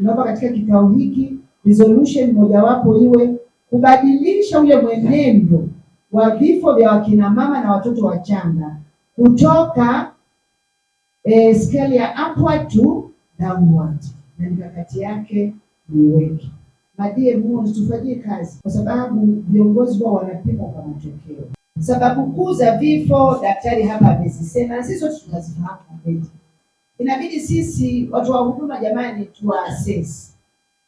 tunaomba katika kikao hiki resolution mojawapo iwe kubadilisha ule mwenendo wa vifo vya wakina mama na watoto wachanga kutoka e, scale ya upward to downward, na mikakati yake niweke madiemo tufanyie kazi, kwa sababu viongozi wao wanapima kwa matokeo. Sababu kuu za vifo daktari hapa amezisema, na sisi sote tunazifahamu kweli inabidi sisi watu wa huduma jamani, tuwaases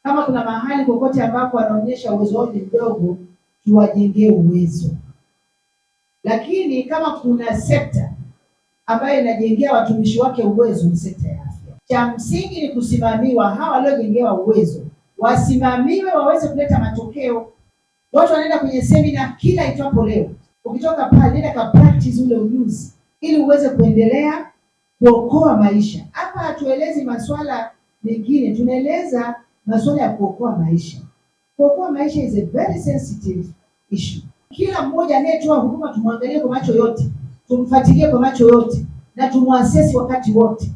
kama kuna mahali kokote ambapo wanaonyesha uwezo wao ni mdogo, tuwajengee uwezo. Lakini kama kuna sekta ambayo inajengea watumishi wake uwezo ni sekta ya afya. Cha msingi ni kusimamiwa. Hawa waliojengewa uwezo wasimamiwe, waweze kuleta matokeo. Watu wanaenda kwenye semina kila itwapo leo, ukitoka pale nenda ka practice ule ujuzi ili uweze kuendelea kuokoa maisha. Hapa hatuelezi masuala mengine, tunaeleza masuala ya kuokoa maisha. Kuokoa maisha is a very sensitive issue. Kila mmoja anayetoa huduma tumwangalie kwa macho yote, tumfuatilie kwa macho yote na tumwasesi wakati wote,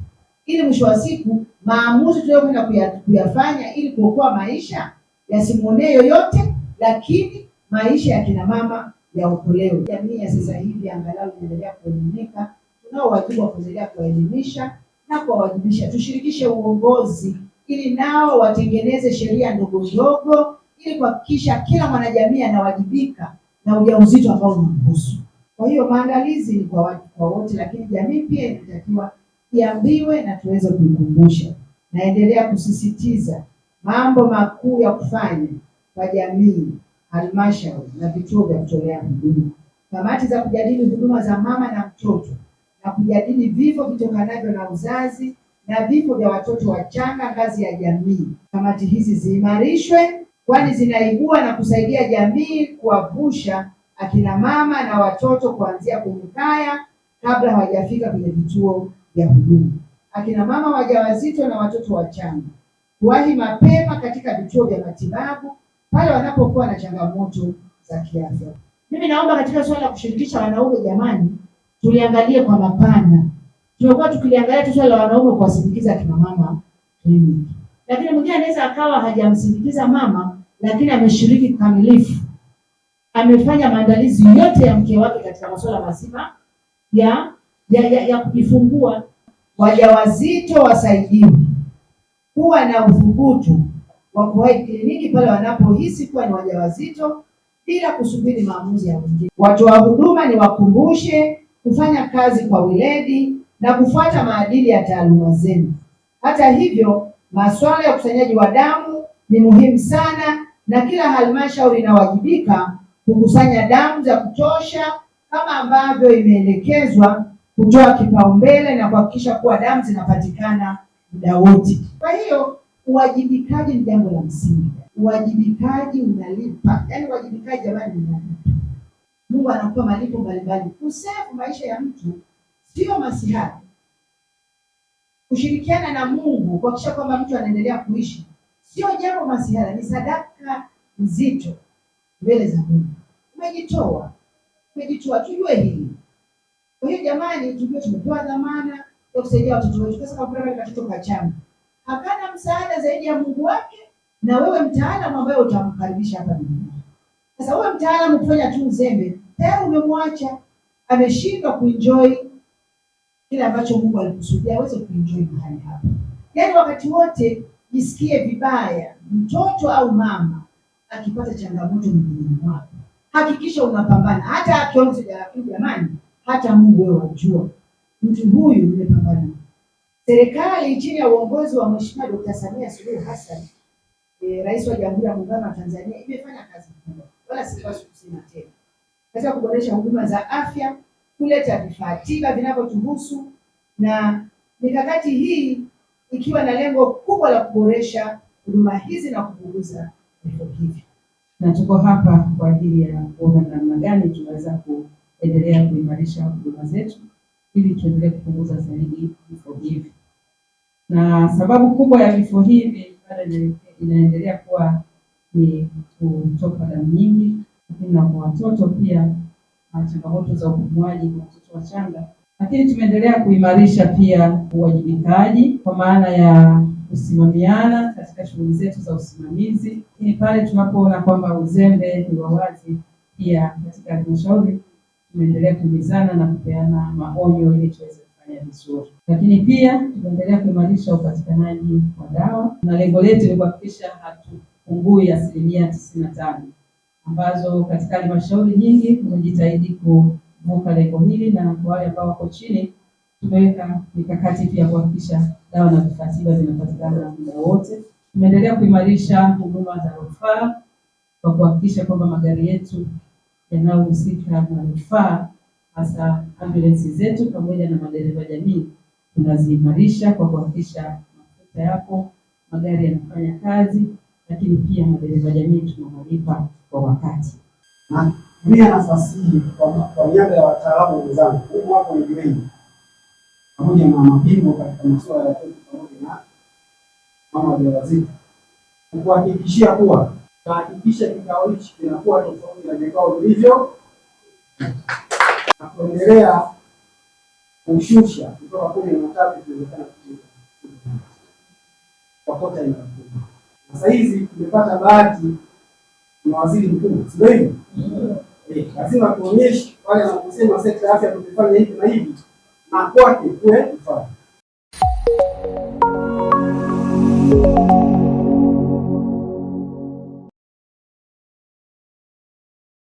ili mwisho wa siku maamuzi tunayokwenda kuyafanya ili kuokoa maisha yasimwonee yoyote, lakini maisha ya kina mama yaokolewe. Jamii ya sasa hivi angalau inaendelea kuelimika tunao wajibu wa kuendelea kuwaelimisha na kuwawajibisha. Tushirikishe uongozi ili nao watengeneze sheria ndogo ndogo ili kuhakikisha kila mwanajamii anawajibika na ujauzito ambao unamhusu. Kwa hiyo maandalizi ni kwa watu kwa wote, lakini jamii pia inatakiwa iambiwe na tuweze kuikumbusha. Naendelea kusisitiza mambo makuu ya kufanya kwa jamii, halmashauri na vituo vya kutolea huduma, kamati za kujadili huduma za mama na mtoto na kujadili vifo vitokanavyo na uzazi na vifo vya watoto wachanga ngazi ya jamii. Kamati hizi ziimarishwe, kwani zinaibua na kusaidia jamii kuwavusha akina mama na watoto kuanzia kwenye kaya kabla hawajafika kwenye vituo vya huduma. Akina mama wajawazito na watoto wachanga kuwahi mapema katika vituo vya matibabu pale wanapokuwa na changamoto za kiafya. Mimi naomba katika suala la kushirikisha wanaume, jamani, tuliangalie kwa mapana. Tumekuwa tukiliangalia tu swala la wanaume kuwasindikiza kina mama kliniki, lakini mwingine anaweza akawa hajamsindikiza mama, lakini ameshiriki kikamilifu, amefanya maandalizi yote ya mke wake katika masuala mazima ya ya, ya, ya kujifungua. Wajawazito wasaidiwe kuwa na uthubutu wa kuwahi kliniki pale wanapohisi kuwa ni wajawazito bila kusubiri maamuzi ya wengine. Watoa huduma ni wakumbushe kufanya kazi kwa weledi na kufuata maadili ya taaluma zenu. Hata hivyo, masuala ya ukusanyaji wa damu ni muhimu sana na kila halmashauri inawajibika kukusanya damu za kutosha kama ambavyo imeelekezwa, kutoa kipaumbele na kuhakikisha kuwa damu zinapatikana muda wote. Kwa hiyo uwajibikaji ni jambo la msingi. Uwajibikaji unalipa, yaani uwajibikaji jamani, unalipa. Mungu anakupa malipo mbalimbali. Kusevu maisha ya mtu sio masiha. Kushirikiana na Mungu kuhakikisha kwamba mtu anaendelea kuishi sio jambo masihara, ni sadaka nzito mbele za Mungu. Umejitoa, umejitoa, tujue hili. Kwa hiyo jamani, tujue tumepewa dhamana ya kusaidia watoto wetu, kwa sababu katoto kachanga hapana msaada zaidi ya Mungu wake, na wewe mtaalamu ambaye utamkaribisha hapa duniani. Sasa huyo mtaalamu kufanya tu uzembe, tayari umemwacha ameshindwa kuenjoy kile ambacho Mungu alikusudia aweze kuenjoy mahali hapo. Yaani wakati wote jisikie vibaya, mtoto au mama akipata changamoto mwilini mwako, hakikisha unapambana. Hata akiona jamani, hata Mungu wewe wajua mtu huyu umepambana. Serikali chini ya uongozi wa Mheshimiwa Dkt. Samia Suluhu Hassan, eh, Rais wa Jamhuri ya Muungano wa Tanzania imefanya kazi kubwa wala sipaswi kusema tena, katika kuboresha huduma za afya, kuleta vifaa tiba vinavyotuhusu, na mikakati hii ikiwa na lengo kubwa la kuboresha huduma hizi na kupunguza vifo hivi. Na tuko hapa kwa ajili ya kuona namna gani tunaweza kuendelea kuimarisha huduma zetu ili tuendelee kupunguza zaidi vifo hivi, na sababu kubwa ya vifo hivi bado inaendelea kuwa ni kutoka damu nyingi, lakini na kwa watoto pia changamoto za upumuaji kwa watoto wachanga. Lakini tumeendelea kuimarisha pia uwajibikaji kwa maana ya kusimamiana katika shughuli zetu za usimamizi, lakini pale tunapoona kwamba uzembe ni wa wazi, pia katika halmashauri tumeendelea kuhimizana na kupeana maonyo ili tuweze kufanya vizuri. Lakini pia tumeendelea kuimarisha upatikanaji wa dawa, na lengo letu ni kuhakikisha hatu Bubuyu ya asilimia tisini na tano ambazo katika halmashauri nyingi tumejitahidi kuvuka lengo hili, na kwa wale ambao wako chini tumeweka mikakati pia kuhakikisha dawa na vifaa tiba vinapatikana muda wote. Tumeendelea kuimarisha huduma za rufaa kwa kuhakikisha kwamba magari yetu yanayohusika na rufaa hasa ambulensi zetu pamoja na madereva jamii tunaziimarisha kwa kuhakikisha mafuta yapo, magari yanafanya kazi lakini pia madereva jamii tunawalipa kwa wakati. Natumia nafasi hii kwa niaba ya wataalamu wenzangu huku hapo wengi wengi, pamoja na mabingwa katika masuala ya watoto pamoja na mama wajawazito, kuhakikishia kuwa tahakikisha kikao hichi kinakuwa tofauti na vikao vilivyo na kuendelea kushusha kutoka kumi na tatu kuwezekana kwa kota sasa hizi tumepata bahati na waziri mkuu, sio hivyo? Eh, lazima tuonyeshe wale wanaposema sekta ya afya tumefanya hivi na hivi, na kwake kuwe mfano.